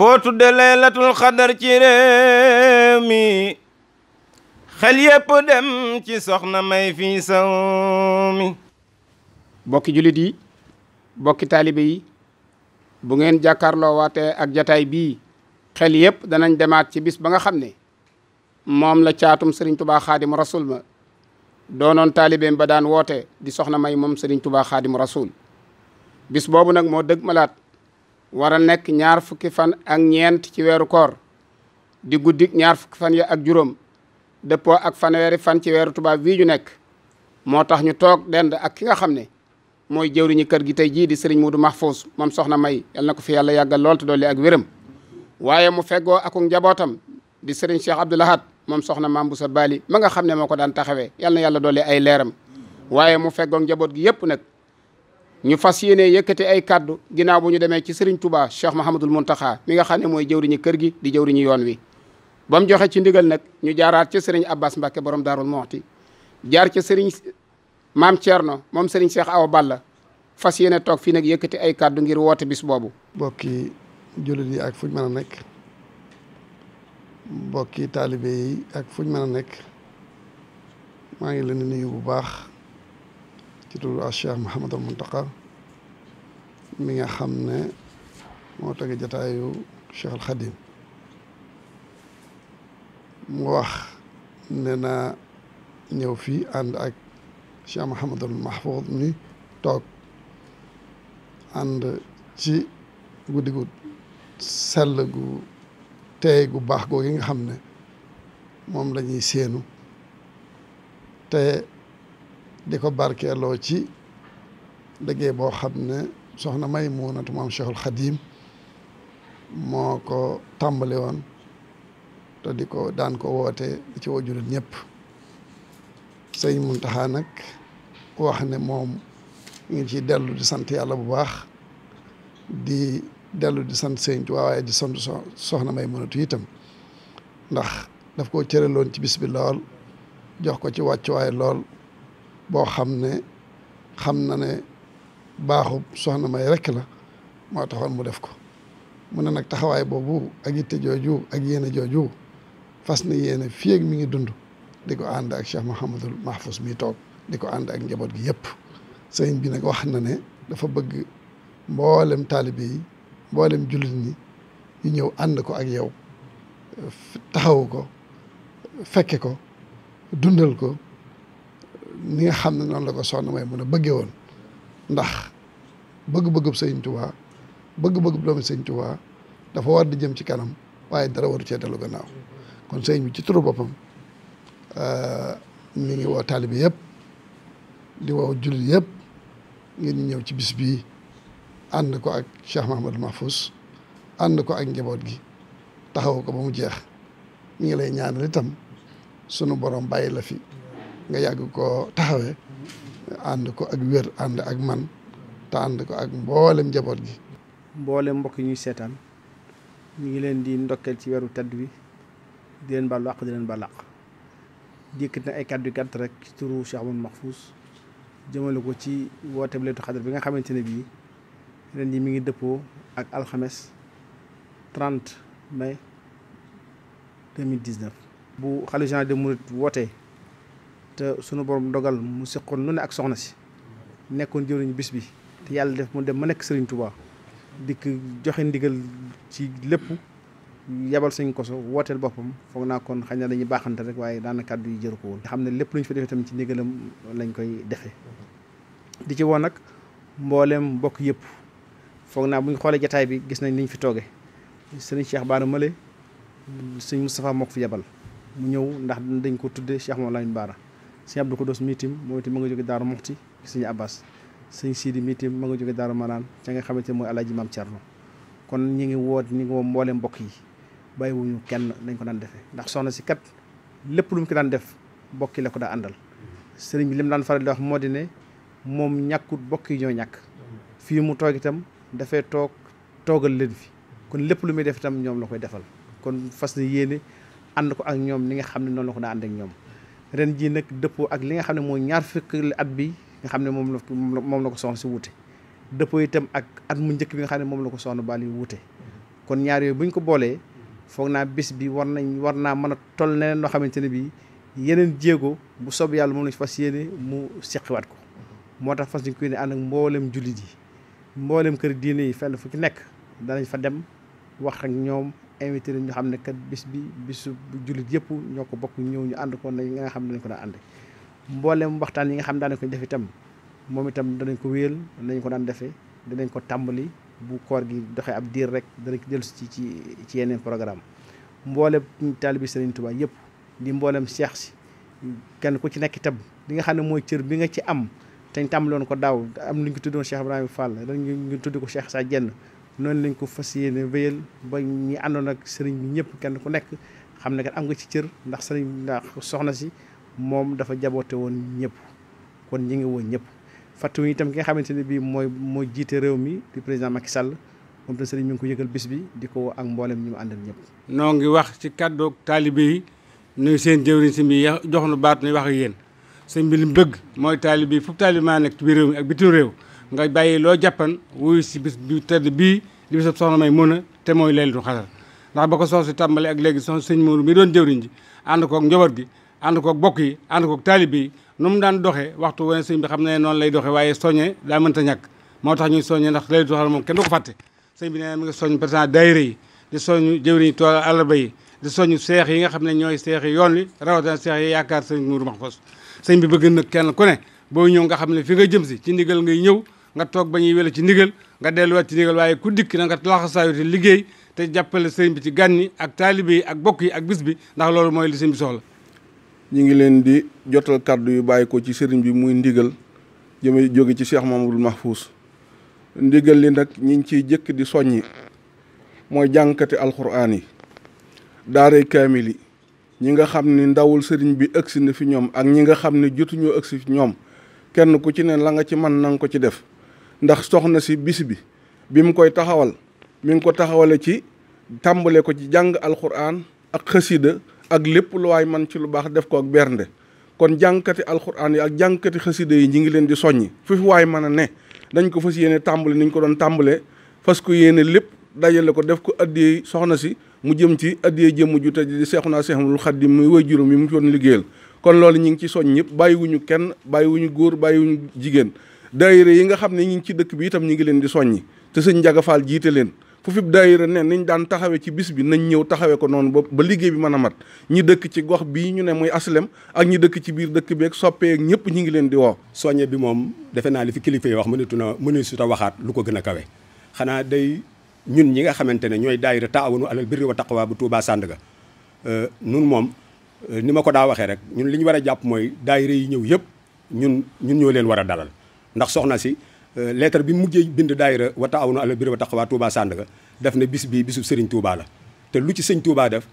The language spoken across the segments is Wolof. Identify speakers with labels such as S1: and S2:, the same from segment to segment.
S1: foo tudde laylatul xadar ci réew mi xel yépp dem ci soxna may fii saw mi bokki jullit yi bokki taalibe yi bu ngeen jàkkaarloo waatee ak jataay bii xel yépp danañ demaat ci bis ba nga xam ne moom la caatum sëriñ tubaa xaadim rasul ma doonoon taalibeem ba daan woote di soxna may moom sëriñ tubaa xaadim rasul bis boobu nag moo dëgg malaat war a nekk ñaar fukki fan ak ñeent ci weeru koor di guddi ñaar fukki fan ya ak juróom dëppoo ak fan fanweeri fan ci weeru tubaab wii ñu nekk moo tax ñu toog dend ak ki nga xam ne mooy jëwriñu kër gi tey jii di sëriñ max Mahfous moom soxna May yal na ko fi yàlla yàggal lool te dolli ak wéram waaye mu feggoo akuk njabootam di sëriñ Cheikh Abdou Lahad moom soxna Maam Boussa Bali ma nga xam ne moo ko daan taxawee yal na yàlla dolli ay leeram waaye mu feggoog njaboot gi yëpp nag ñu fas yéene yëkkate ay kàddu ginnaaw bu ñu demee ci Serigne Touba Cheikh Mahamadul Muntaxa mi nga xam ne mooy jëwriñu kër gi di jëwriñu yoon wi ba mu joxe ci ndigal nag ñu jaaraat ci Serigne Abbas Mbacke borom Daarul Moxti jaar ci sëriñ Maam Thierno moom Serigne Cheikh Awa Balla fas yéene toog fii nag yëkkati ay kàddu ngir woote bis boobu.
S2: mbokki jullit yi ak fuñ mën a nekk mbokki taalibe yi ak fuñ mën a nekk maa ngi leen di nuyu bu baax. ci turu Cheikh Mouhamadul Mountakha mi nga xam ne moo tege jataayu Cheikh Al mu wax ne naa ñëw fii ànd ak Cheikh Mouhamadul Mahfoud mi toog ànd ci guddi gu sell gu tey gu baax googu nga xam ne moom la ñuy séenu te di ko barkeeloo ci liggéey boo xam ne soxna Maymunatu maam Cheikhul Xadim moo ko tàmbali woon te di ko daan ko woote di ci woo jullit sëñ Muntaxa nag wax ne moom ngi ci dellu di sant yàlla bu baax di dellu di sant sëñ Tuubaa soxna Maymunatu itam ndax daf ko cëraloon ci bis bi lool jox ko ci wàccuwaay lool boo xam ne xam na ne baaxub soxna may rekk la moo mu def ko mu ne nag taxawaay boobu ak yitte jooju ak yéene jooju fas na yéene fii mu ngi dund di ko ànd ak Cheikh Mouhamadul Mahfous mi toog di ko ànd ak njaboot gi yëpp sëriñ bi nag wax na ne dafa bëgg mboolem taalibe yi mboolem jullit ñi ñu ñëw ànd ko ak yow taxawu ko fekke ko dundal ko ni nga xam ne noonu la ko soxna mooy mun a bëggee woon ndax bëgg-bëggub sëñ Tuubaa bëgg-bëggub doomu sëñ Tuubaa dafa war di jëm ci kanam waaye dara waru cee dellu gannaaw kon sëñ bi ci turu boppam mi ngi woo taalibe yëpp di woo jullit yëpp ngeen ñëw ci bis bii ànd ko ak Cheikh Mahamadou Mahfous ànd ko ak njaboot gi taxawu ko ba mu jeex ñu ngi lay ñaanal itam sunu borom bàyyi la fi nga yàgg ko taxawee ànd ko ak wér ànd ak man te ànd ko ak mboolem njaboot gi. mboolem mbokk yi ñuy seetaan
S3: mu ngi leen di ndokkeel ci weeru tedd wi di leen baal àq di leen baal àq yëkkat na ay kàddu gàtt rek ci turu Cheikh Mouhamed Mahfouz jëmale ko ci wooteeb Laylatul Qadr bi nga xamante ne bii ren yi mi ngi dëppoo ak alxames 30 mai 2019. bu xalifa général des mourides wootee. te sunu borom dogal mu seqoon lu ne ak soxna si nekkoon jëriñu bis bi te yàlla def mu dem ma nekk sëriñ Touba dikk joxe ndigal ci lépp yabal sañ koso wooteel boppam foog naa koon xañ na dañuy baaxante rek waaye daanaka kàddu yi jëru ko woon. xam ne lépp lu ñu fi defee tamit ci ndigalam lañ koy defe di ci woon nag mbooleem mbokk yëpp foog naa bu ñu xoolee jataay bi gis nañ niñ fi tooge Serigne Cheikh Bara Male Serigne Moustapha moo ko fi yabal mu ñëw ndax dañ ko tudde Cheikh Mawlana Bara sëñ Abdou Kodos mii tim moom itam ma nga jóge Daaru Muxti sëñ Abbas sëñ Sidi mii tim ma nga jóge Daaru Manaan ca nga xamante ne mooy Alaaji Maam Cerno kon ñi ngi woot ñi ngi woo mboolem mbokk yi bàyyiwuñu kenn dañ ko daan defee ndax soxna si kat lépp lu mu ko daan def bokki la ko daa àndal sëriñ bi li mu daan faral di wax moo di ne moom ñàkkut bokk yi ñoo ñàkk fii mu toog itam dafay toog toogal leen fi kon lépp lu muy def itam ñoom la koy defal kon fas na yéene ànd ak ñoom ni nga xam ne noonu la ko ñoom ren jii nag dëppoo ak li nga xam ne mooy ñaar fukki at bi nga xam ne moom la moom la ko soxna si wuute dëppoo itam ak at mu njëkk bi nga xam ne moom la ko soxna Bali wuute kon ñaar yooyu bu ñu ko boolee foog naa bis bi war nañ war naa mën a toll neneen loo xamante ne bii yeneen jéego bu sob yàlla moom lañ fas yéene mu seqiwaat ko moo tax fas ñu ko yéene ànd ak mboolem jullit yi mboolem kër diine yi fenn fu ci nekk danañ fa dem wax ak ñoom invité nañ ñu xam ne kat bis bi bisu jullit yëpp ñoo ko bokk ñëw ñu ànd ko na nga xam ne dañ ko daan ànd mboolem waxtaan yi nga xam ne daan ko def itam moom itam danañ ko wéyal nañ ko daan defee danañ ko tàmbali bu koor gi doxee ab diir rek danañ ko dellusi ci ci ci yeneen programme mboolem taalibi Sëriñ Tuubaa yëpp di mboolem seex si kenn ku ci nekk itam li nga xam ne mooy cër bi nga ci am te ñu tàmbaloon ko daaw am lu ñu ko tuddoon Cheikh Ibrahima Fall dañ ñu tudd ko Cheikh Sa Dieng noonu lañ ko fas yéene wéyal ba ñi àndoon ak sëriñ bi ñëpp kenn ku nekk xam ne kat am nga ci cër ndax sëriñ ndax soxna si moom dafa jaboote woon ñëpp kon ñi ngi woon ñëpp fàttewu ñu itam ki nga xamante ne bii mooy mooy jiite réew mi di président Macky Sall moom te sëriñ mi ngi ko yëgal bis bi di ko ak
S1: mboolem ñu mu àndal ñëpp. noo ngi wax ci kàddoog taalibe yi nuyu seen jëwriñ si mi jox nu baat nuy wax ak yéen sëñ bi li bëgg mooy taalibe yi fu taalibe maa nekk ci biir réew mi ak bitim réew. nga bàyyi loo jàppan wuyu si bis bi tedd bii di bisab soxna may mun a te mooy leelatu xadar ndax ba ko sox si ak léegi sox sëñ Mourou mi doon jëwriñ ji ànd koog njaboot gi ànd koog bokk yi ànd koog taalib yi nu mu daan doxee waxtu wane sëñ bi xam ne noonu lay doxe waaye soññe daa mënta ñàkk moo tax ñuy soññe ndax leelatu xadar moom kenn ko fàtte sëñ bi nee na mi ngi soññ président daayira yi di soññ jëwriñ tool yi di seex yi nga xam ne ñooy seex yoon wi rawatina seex yi yaakaar sëñ Mourou Mahfous sëñ bi bëgg nag kenn ku ne boo ñëw nga xam ne fi nga jëm si ci ndigal ngay ñëw nga toog ba ñuy wele ci ndigal nga delluwaat ci ndigal waaye ku dikk na nga laxasaayu te liggéey te jàppale sëriñ bi ci gànni ak taalibe yi ak bokk yi ak bis bi ndax loolu mooy li sëriñ bi soxla.
S4: ñu ngi leen di jotal kàddu yu bàyyi ko ci sëriñ bi muy ndigal jëme jóge ci Cheikh Mamadou Mahfous ndigal li nag ñi ngi ciy jëkk di soññi mooy jànkate alxuraan yi daaray kaamil yi ñi nga xam ni ndawul sëriñ bi ëgsi na fi ñoom ak ñi nga xam ne jotuñoo ëgsi fi ñoom kenn ku ci ne la nga ci man na ko ci def ndax soxna si bis bi bi mu koy taxawal mi ngi ko taxawale ci tàmbale ko ci jàng alxuraan ak xasida ak lépp lu waaye man ci lu baax def ko ak bernde kon jàngkati alxuraan yi ak jàngkati xasida yi ñu ngi leen di soññ fi fi waay mën a ne dañ ko fas yéene tàmbale ni ñu ko doon tàmbalee fas ko yéene lépp dajale ko def ko addiyee soxna si mu jëm ci addiyee jëmm ju te di Seexuna Seexul di muy way juróom yi mu doon liggéeyal kon loolu ñu ngi ci soñ ñëpp bàyyiwuñu kenn bàyyiwuñu góor bàyyiwuñu jigéen daayira yi nga xam ne ñi ngi ci dëkk bi itam ñi ngi leen di soññi te sëñ Njaga Fall jiite leen fu fi daayira ne niñ daan taxawe ci bis bi nañ ñëw taxawe ko noonu ba ba liggéey bi mën a mat ñi dëkk ci gox bii ñu ne muy aslem ak ñi dëkk ci biir dëkk bi ak soppee ak ñëpp ñi ngi leen di woo soññe bi moom defe naa li fi kilifa yi wax
S1: mënatu na mënu su ta waxaat lu ko gën a kawe xanaa day ñun ñi nga xamante ne ñooy daayira taawunu alal biri wa taqwa bu Touba Sandaga euh, nun moom euh, ni ma ko daa waxee rek ñun li ñu war a jàpp mooy daayira yi ñëw yëpp ñun ñun ñoo leen war a dalal ndax soxna si euh, lettre bi mujjee bind daayira wa taawunu alal birri wa taqwa Touba Sandaga def ne bis bi bisu Serigne Touba la te lu ci sëñ Touba def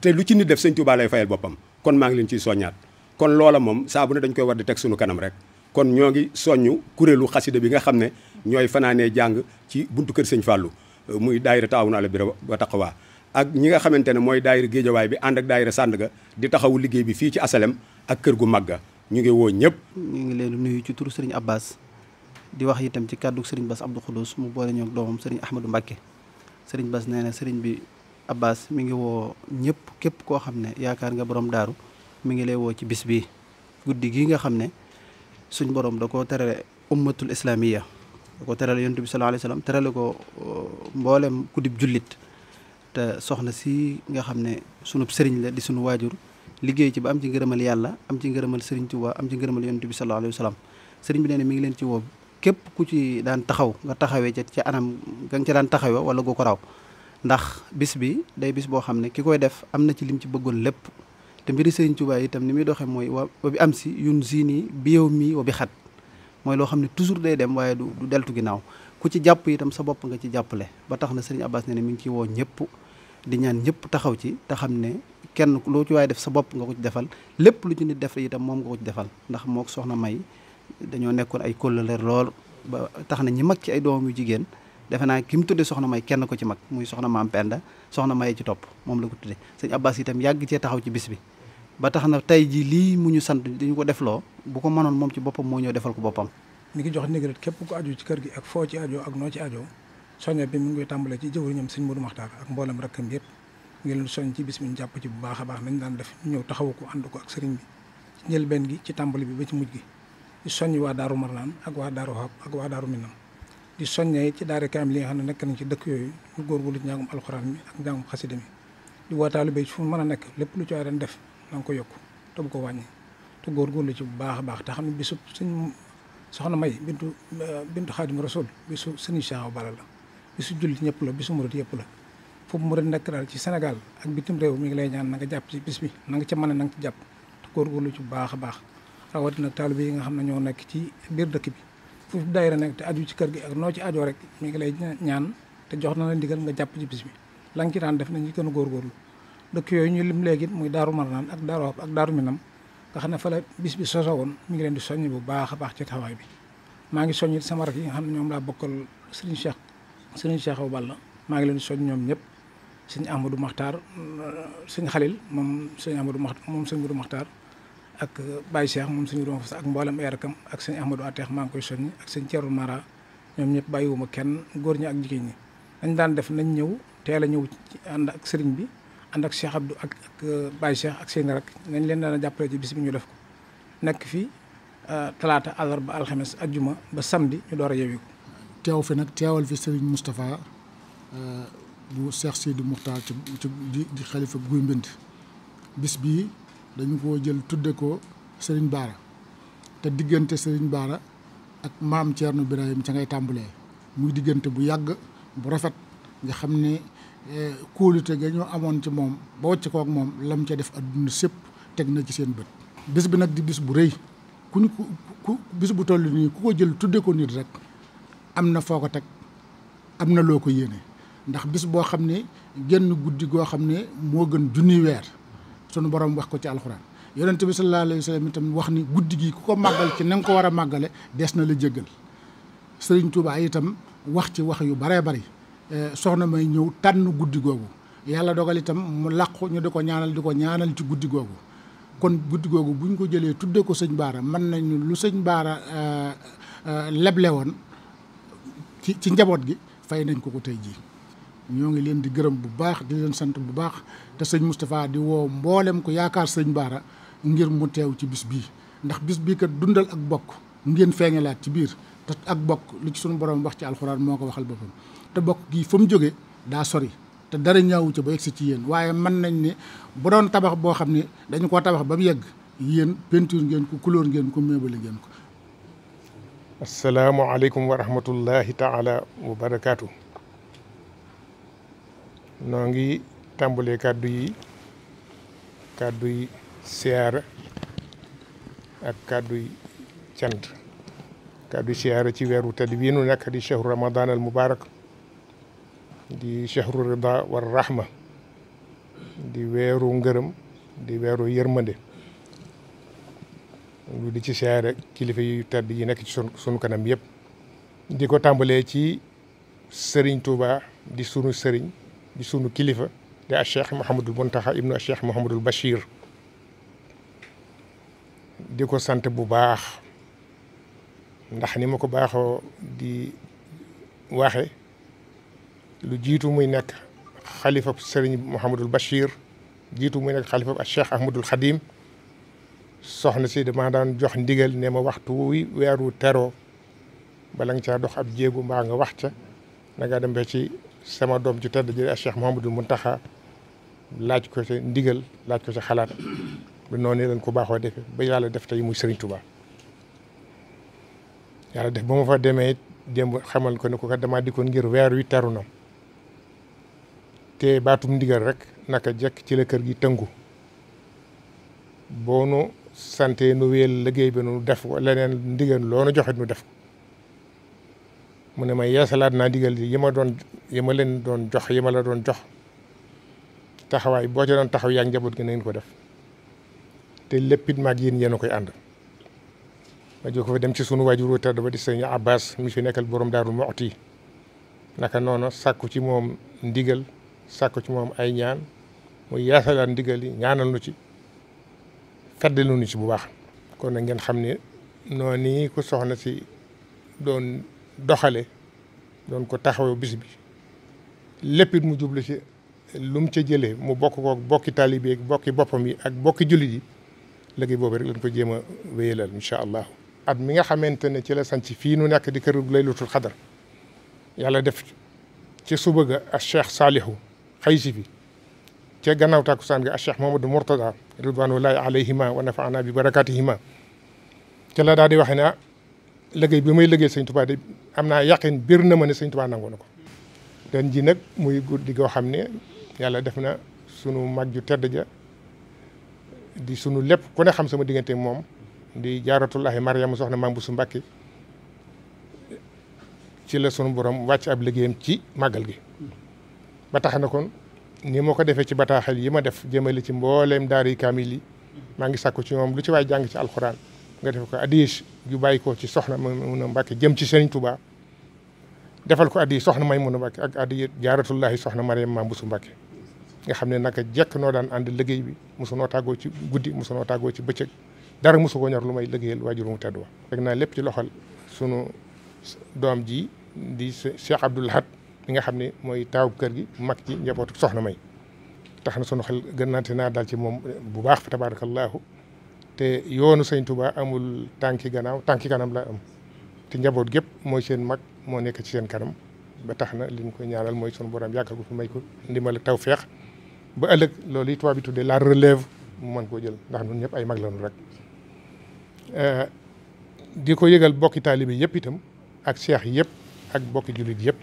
S1: te lu ci nit def sëñ Touba lay fayal boppam kon maa ngi leen ciy soññaat kon loola moom saa ne dañ koy war di teg suñu kanam rek kon ñoo ngi soññu kuréelu xasida bi nga xam ne ñooy fanaanee jàng ci buntu kër sëñ Fallou euh, muy daayira taawunu alal birri wa taqwa ak ñi nga xamante ne mooy daayira Géejawaay bi ànd ak daayira di taxawu liggéey bi fii ci asalem
S5: ak kër gu màgga ñu ngi woo ñëpp. ñu ngi leen nuyu ci turu Serigne Abbas di wax itam ci kàddu Serigne Bass Abdou Khoudous mu boole ñoom doomam Serigne Ahmadou Mbacke Serigne Bass nee na Serigne bi Abbas mi ngi woo ñëpp képp koo xam ne yaakaar nga borom daaru mi ngi lay woo ci bis bi guddi gii nga xam ne suñ borom da koo terale ummatul islamiya da ko terale yontu bi sallallahu alayhi wasallam terale ko uh, mboolem kuddib jullit te soxna si nga xam ne sunub sëriñ la di suñu waajur liggéey ci ba am ci ngërëmal yàlla am ci ngërëmal Serigne Touba am ci ngërëmal yonent bi sallallahu alayhi wa sallam Serigne bi nee na mi ngi leen ci woo képp ku ci daan taxaw nga taxawee ca ca anam nga ca daan taxawe wala goo ko raw ndax bis bi day bis boo xam ne ki koy def am na ci lim ci bëggoon lépp te mbiri Serigne Touba itam ni muy doxee mooy wa bi am si yun zini bi yow mii wa bi xat mooy loo xam ne toujours day dem waaye du du deltu ginnaaw ku ci jàpp itam sa bopp nga ci jàppale ba tax na Serigne Abbas ne ne mi ngi ciy woo ñëpp di ñaan ñëpp taxaw ci te ne kenn loo ci waaye def sa bopp nga ko ci defal lépp lu ci nit def itam moom nga ko ci defal ndax moo soxna May dañoo nekkoon ay kóllëre lool ba tax na ñi mag ci ay doom yu jigéen defe naa ki mu tudde soxna May kenn ko ci mag muy soxna maam Penda soxna May ci topp moom la ko tudde sëñ Abbas itam yàgg cee taxaw ci bis bi ba tax na tey jii lii mu ñu sant dañu ko defloo bu ko mënoon moom ci boppam moo ñëw defal ko boppam
S6: mi ngi jox ndigal képp ci kër gi ak foo ci aju ak noo ci aju soñña bi mi ngi koy tàmbale ci jëwriñam sëñ Modou Maxtaar ak mboolem rakkam yëpp ngir lu ci bis mi ñu jàpp ci bu baax a baax nañ daan def ñu ñëw taxawu ko ànd ko ak sëriñ bi ci njëlbeen gi ci tàmbali bi ba ci mujj gi di soññ waa daaru marnaan ak waa daaru xab ak waa daaru minam di soññee ci daara kaam li nga xam ne nekk nañ ci dëkk yooyu ñu góorgóorlu ci njàngum alxuraan mi ak njàngum xasida mi di woo taalibe ba fu mën a nekk lépp lu ci waa ren def na nga ko yokk te bu ko wàññi te góorgóorlu ci bu baax a baax te xam ne bisu suñ soxna may bintu bintu xaadim rasul bisu sëriñ Cheikh Awa Balla la bisu jullit ñëpp la bisu yëpp la foofu mu ren nekk daal ci Sénégal ak bitim réew mi ngi lay ñaan na nga jàpp ci bis bi na nga ca mën a na nga ci jàpp te góorgóorlu ci bu baax a baax rawatina taalibe yi nga xam ne ñoo nekk ci biir dëkk bi foofu daayira nekk te aju ci kër gi ak noo ci ajoo rek mi ngi lay ñaan te jox na la ndigal nga jàpp ci bis bi la nga daan def nañ ci gën a góorgóorlu dëkk yooyu ñu lim léegi muy Daaru Marnaan ak Daaru ak Daaru Minam nga xam ne fa bis bi sosoo woon mi ngi leen di soññ bu baax a baax ci taxawaay bi maa ngi soññ sama rak yi nga xam ne ñoom laa bokkal Serigne Cheikh Serigne Cheikh Awa Balla maa ngi leen di soññ ñoom ñëpp sëñ Amadou Maxtaar sëñ Xalil moom sëñ Amadou Maxtaar moom sëñ Modou Maxtaar ak Baye Cheikh moom sëñ Modou Maxtaar ak mboolem ay rakam ak sëñ Amadou Ateex maa ngi koy soññ ak sëñ Thierno Mara ñoom ñëpp bàyyiwuma kenn góor ñi ak jigéen ñi. dañ daan def nañ ñëw teel a ñëw ànd ak sëriñ bi ànd ak Cheikh Abdou ak ak euh, Baye Cheikh ak seen rak nañ leen daan jàppale ci bis bi ñu def ko nekk fii euh, talaata àllarba alxames ajjuma ba samedi ñu door a
S7: yewi ko. teew fi nag teewal fi sëriñ Moustapha. Euh, bu Cheikh Sidi Moukhtar ci ci di xalifa guy mbind bis bii dañu ko jël tudde ko Serigne Bara te diggante Serigne Bara ak maam Thierno Birahim ca ngay tàmbalee muy diggante bu yàgg bu rafet nga xam ne eh, kóolute ga ñoo amoon ci moom ba wàcc kook moom lam ca def adduna sépp teg na ci seen bët bis bi nag di bis bu rëy ku ñu ku bis bu toll nii ku ko jël tudde ko nit rek am na foo ko teg am na loo ko yéene ndax bis boo xam ne genn guddi goo xam ne moo gën junni weer sunu borom wax ko ci alxuraan yonent bi sallallahu alayhi wa itam wax ni guddi gi ku ko màggal ci na ko war a màggale des na la jéggal sëriñ Tuubaa itam wax ci wax yu baree bari eh, soxna may ñëw tànn guddi googu yàlla dogal itam mu làqu ñu di ko ñaanal di ko ñaanal ci guddi googu kon guddi googu buñ ko jëlee tuddee ko sëñ Baara mën nañu lu sëñ Baara eh, eh, leble woon ci ci njaboot gi fay nañ ko ko tey jii. ñoo ngi leen di gërëm bu baax di leen sant bu baax te sëñ Moustapha di woo mboolem ko yaakaar sëñ Baara ngir mu teew ci bis bii ndax bis bii kat dundal ak bokk ngeen feeñalaat ci biir te ak bokk lu ci sunu borom wax ci alxuraan moo ko waxal boppam te bokk gii fa mu jóge daa sori te dara ñaawu ca ba egsi ci yéen waaye mën nañ ne bu doon tabax boo xam ne dañu ko tabax ba mu yegg yéen
S8: peinture ngeen ko couleur ngeen ko meubale ngeen ko. asalaamaaleykum wa rahmatullahi taala wa barakaatu. noo ngi tàmbalee kàddu yi kàddu yi siyaara ak kàddu yi cant kàddu yi siyaara ci weeru tedd bii nu nekk di chahru ramadan al mubarak di chahru rida war rahma di weeru ngërëm di weeru yërmande lu di ci siyaara kilifa yu tedd yi nekk ci sunu kanam yëpp di ko tàmbalee ci sëriñ Touba di sunu sëriñ di sunu kilifa di a cheikh Mouhamadul Muntaxa ibnu a cheikh Mouhamadul Bachir di ko sant bu baax ndax ni ma ko baaxoo di waxe lu jiitu muy nekk xalifab sëriñ Mouhamadul Bachir jiitu muy nekk xalifab a cheikh Ahmadul Xadim soxna si dama daan jox ndigal ne ma waxtu wi weeru teroo bala nga caa dox ab jéegu mbaa nga wax ca na nga sama doom ju tedd jëri ak Cheikh mu taxa laaj ko ci ndigal laaj ko ci xalaat bi noonu lañ ko baaxoo defee ba yàlla def tey mu Serigne Touba yàlla def ba ma fa demee it démb xamal ko ne ko kat damaa dikkoon ngir weer wi teru na te baatum ndigal rek naka jekk ci la kër gi tëngu boo nu sante nu wéyal liggéey bi nu def ko leneen ndigal loo nu joxe nu def mu ne ma yeesalaat naa digal yi ma doon yi ma leen doon jox yi ma la doon jox taxawaay boo ci doon taxaw yaa njaboot gi na ngeen ko def te léppit maag yéen yéen a koy ànd ma ko dem ci sunu waajuru tedd ba di sëñ Abbas mi fi nekkal borom Daaru Muxti naka noonu sàkku ci moom ndigal sàkku ci moom ay ñaan mu yeesalaat ndigal yi ñaanal nu ci feddalu nu ci bu baax kon na ngeen xam ne noonu ku soxna si doon doxale doon ko taxawee bis bi lépp it mu jublu ci lu ci ca jëlee mu bokk ko bokki taalibe yi bokki boppam yi ak bokki jullit yi liggéey boobu rek lañ ko jéem a wéyalal incha allah. at mi nga xamante ne ci la sanc fii nu nekk di këru laylatul xadar yàlla def ci suba ga ak cheikh saalihu xaysi fi ca gannaaw tàkkusaan ga ak cheikh mamadou mourtada ridwanullahi alayhima wa nafaana bi barakatihima ca la daal di wax ne ah liggéey bi may liggéey sëñ am naa yaqin biir na ma ne sëñ waa nangu na ko den ji nag muy guddi goo xam ne yàlla def na sunu mag ju tedd ja di sunu lépp ku ne xam sama diggante moom di jaaratullahi Mariama soxna Maam su Mbàkke ci la sunu borom wàcc ab liggéeyam ci màggal gi ba tax na kon ni moo ko defee ci bataaxel yi ma def jëmali ci mbooleem daari kaamil yi maa ngi sàkku ci moom lu ci waay jàng ci alxuraan nga def ko addiya yu bàyyi ko ci soxna Maymuna Mbàkke jëm ci Sëriñ Tuubaa defal ko addiya soxna Maymuna a ak addiya jaaratullahi soxna Mariam Maam Busu Mbàkke nga xam ne naka jekk noo daan ànd liggéey bi mosunoo tàggoo ci guddi mosunoo tàggoo ci bëccëg dara mosu ko ñor lu may liggéeyal waajur mu tedd wa rek naa lépp ci loxol sunu doom ji di Cheikh Abdoul Ahad nga xam ne mooy taawub kër gi mag ci njabootu soxna may tax na sunu xel gën naante naa daal ci moom bu baax fa tabaarakallaahu te yoonu sëñ Touba amul tànki gannaaw tànki kanam la am te njaboot gépp mooy seen mag moo nekk ci seen kanam ba tax na li ñu koy ñaanal mooy sunu borom yàggal ko fi may ko ndimbal taw feex ba ëllëg loolu yi tubaab bi tuddee la relève mu koo jël ndax ñun ñëpp ay mag lañu rek eh, di ko yëgal bokki taalibe yëpp itam ak seex yëpp ak bokki jullit yëpp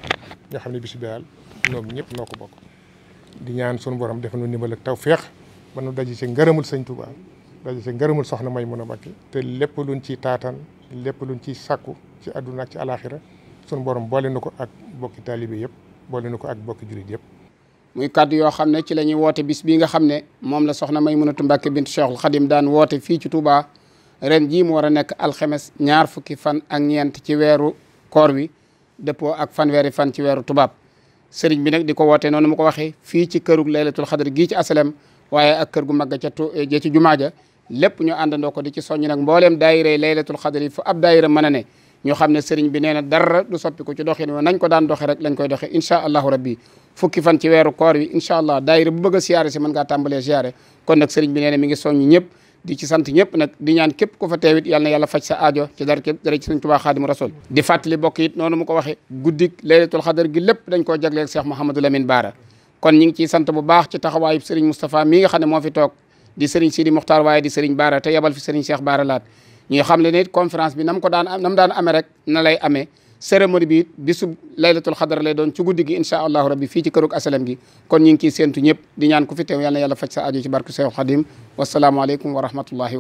S8: xam ne bisu bi ñëpp noo ko bokk di ñaan sunu borom defal nu ndimbal ak taw feex ba nu daje ci ngërëmul sëñ Touba. daje ci ngërëmul soxna may mun a Mbàkke te lépp luñ ci taatan lépp luñ ciy sàkku ci àdduna ak ci alaaxira sunu borom boole na ko ak bokki taalibe yëpp boole na ko ak bokki jurit yëpp
S1: muy kàddu yoo xam ne ci la ñuy woote bis bii nga xam ne moom la soxna Maymunatu Mbàkke bint Cheikhul Xadim daan woote fii ci Touba ren jii mu war a nekk alxemes ñaar fukki fan ak ñeent ci weeru koor wi dëppoo ak fanweeri fan ci weeru tubaab sëriñ bi nag di ko wootee noonu mu ko waxee fii ci kërug laylatul xadar gii ci asalem waaye ak kër gu mag ca tu ja ci jumaa ja lépp ñu àndandoo ko di ci soññ nag mbooleem daayira laylatul xadr yi fu ab daayira mën a ne ñu xam ne sëriñ bi nee du soppi ko ci doxin wa nañ ko daan doxe rek lañ koy doxe incha allahu rabbi fukki fan ci weeru koor wi incha bëgg a kon nag na mi ngi soññ ci sant ñëpp nag di ñaan képp ku fa teewit yàlla na yàlla faj sa aajo bokk it noonu mu ko waxe guddik lépp dañ koo jagleeg Cheikh Mouhamadou Lamine Baara kon ngi ciy sant bu baax ci taxawaayu sëriñ Moustapha mi nga xam ne moo fi toog di sëriñ Sidi Mokhtar waaye di sëriñ Baara te yabal fi sëriñ Cheikh Baara Laat ñuy xam ne it bi nam ko daan nam daan amee rek na lay amee cérémonie bi it bisub laylatul xadar doon ci guddi gi allahu rabbi fii ci kërug asalam gi kon ñu ngi ciy séentu ñëpp di ñaan ku fi teew yal na yàlla faj sa aju ci barke Seex Xadim wasalaamualeykum wa rahmatullahi